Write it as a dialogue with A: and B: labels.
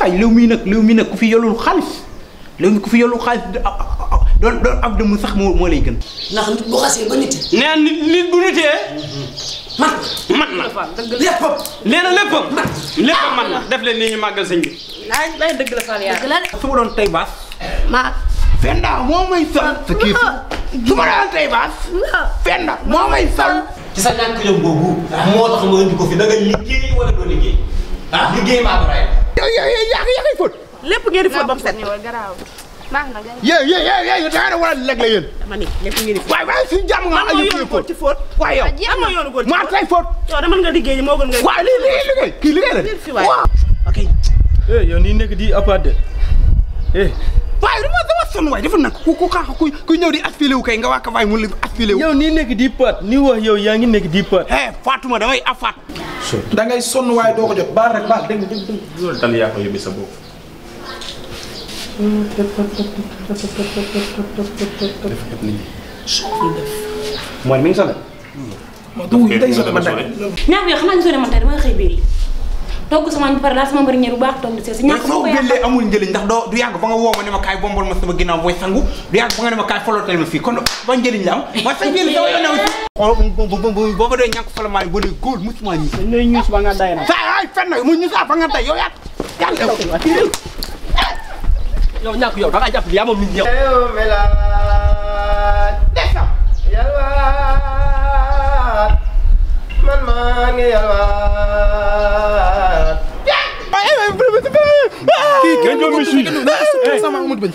A: saay léew mii nag léew mii nag ku fi yolul xaalis léew mi ku fi yolul xaalis ah, ah, ah, doon doon ab dëmm sax moo moo lay gën. ndax nit bu xasee ba nit. nee nit nit bu nitee. mat mat na léppam. nee na léppam. mat léppam mat na def leen nii ñu màggal sëñ bi. naaj lay dëgg la Fall yaa la su ma doon tey baas. ma. Fenda moo may sal. te kii su ma doon tey baas. Fenda moo may sal. ci sa ñàkk jom boobu. moo tax nga indi ko fi da nga liggéey wala doo liggéey. ah liggéey maa ko rey. yow yow yow yaa ngi yaa ngi fóot. lépp ngeen di fóot ba mu set. baax na gën a. yow yow yow yow da nga war a lekk la yéen. dama ne lépp ngeen di fóot. waaye waaye suñu jàmm nga ayu kii fóot ci fóot. waaye yow am ah, na yoonu góor ci fóot maa tey fóot. yow dama nga liggéey moo gën ngay. waaw lii lii liggéey kii liggéey la de. waaw ok. eh yow nii nekk di apart de eh. waaye du ma son waay dafa nag ku ku xaax ku ku ñëw di affilé kay nga waa Kafaay mu ngi affilé wu. yow nii nekk di pët ni wax yow yaa ngi nekk di pët. eh Fatuma damay afaat. da ngay sonn waaye doo ko jot baal rek baal dégg nga dégg nga loolu dal yaa ko yóbbee sa bopp. moo tax kay dina ma sonal. ñaar bi yoo xam togg sama añ pare laal sama marinière bu baax toog di seet si ñàkk soo béllee amul njëriñ ndax doo du yàgg ba nga woo ma ne ma kaay bombal ma sama ginnaaw mooy sangu du yàgg ba nga ne ma kaay folootal ma fii kon ba njëriñ la am wa sa njëriñ sama yoon naw booba dee ñàkk folomaay bo ne góor ba nga day na sa ay fen nag mu ñuusaa ah, ba nga day yow yaa yow ñàkk la monsieur. sama